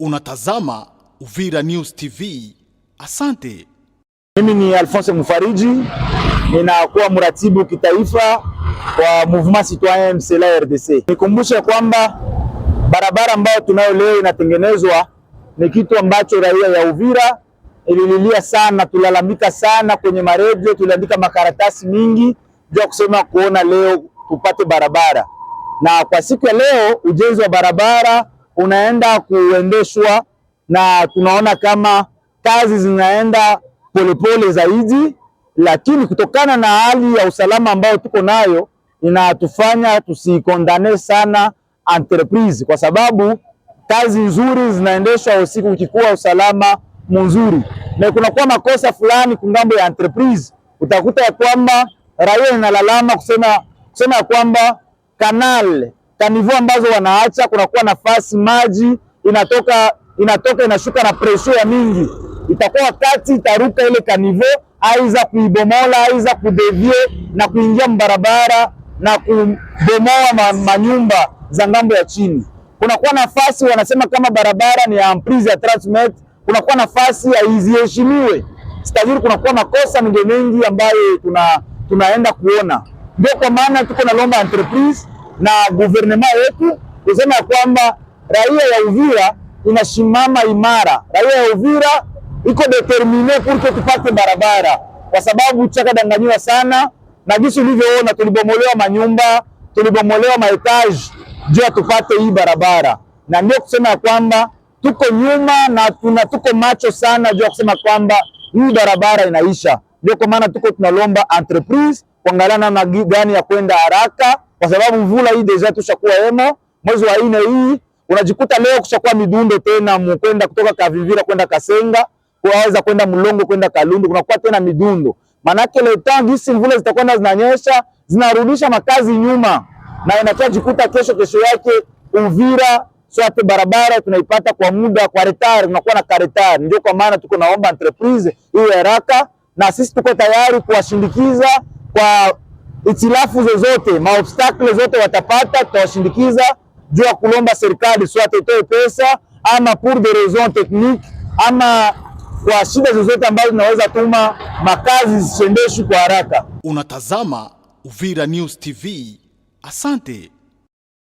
Unatazama Uvira News TV. Asante. Mimi ni Alphonse Mufariji, ninakuwa mratibu kitaifa wa Mouvement Citoyen MCLA RDC. Nikumbushe kwamba barabara ambayo tunayo leo inatengenezwa ni kitu ambacho raia ya Uvira ilililia sana, tulalamika sana kwenye maredio, tuliandika makaratasi mingi juu ya kusema kuona leo tupate barabara, na kwa siku ya leo ujenzi wa barabara unaenda kuendeshwa, na tunaona kama kazi zinaenda polepole zaidi, lakini kutokana na hali ya usalama ambayo tuko nayo inatufanya tusikondane sana entreprise, kwa sababu kazi nzuri zinaendeshwa usiku ukikuwa usalama mzuri, na kunakuwa makosa fulani kungambo ya entreprise, utakuta ya kwamba raia inalalama kusema kusema ya kwamba kanal na ambazo wanaacha, kunakuwa nafasi, maji inatoka inatoka inashuka na pressure ya mingi, itakuwa wakati itaruka ile kanivo, aiza kuibomola, aiza kudevie na kuingia mbarabara na kubomoa ma, manyumba za ngambo ya chini. Kunakuwa nafasi, wanasema kama barabara ni ya amprise ya transmet, kunakuwa nafasi haiziheshimiwe. Sitajiri, kunakuwa makosa mengi mengi ambayo tuna, tunaenda kuona. Ndio kwa maana tuko na lomba entreprise na guvernema yetu kusema kwamba raia ya Uvira inasimama imara, raia ya Uvira iko determine kurke tupate barabara, kwa sababu chakadanganyiwa sana na jinsi ulivyoona, tulibomolewa manyumba, tulibomolewa maetaji juu tupate hii barabara, na ndio kusema ya kwamba tuko nyuma na tuna tuko macho sana juu ya kusema kwamba hii barabara inaisha. Ndio kwa maana tuko tunalomba entreprise kuangalia namna gani ya kwenda haraka kwa sababu mvula hii deja tushakuwa emo mwezi wa nne hii unajikuta leo kushakuwa midundo tena mkwenda kutoka Kavivira kwenda Kasenga kuwaweza kwenda Mlongo kwenda Kalundu kunakuwa tena midundo, manake leo temps gisi mvula zitakwenda zinanyesha zinarudisha makazi nyuma, na jikuta kesho kesho yake Uvira sote barabara tunaipata kwa muda kwa retard, tunakuwa na karetari. Ndio kwa maana tuko naomba entreprise iwe haraka, na sisi tuko tayari kuwashindikiza kwa itilafu zozote maobstakle zote watapata, tutawashindikiza juu ya kulomba serikali swate itoe pesa ama pour des raisons techniques ama kwa shida zozote ambazo zinaweza tuma makazi zisiendeshwi kwa haraka. Unatazama Uvira News TV. Asante.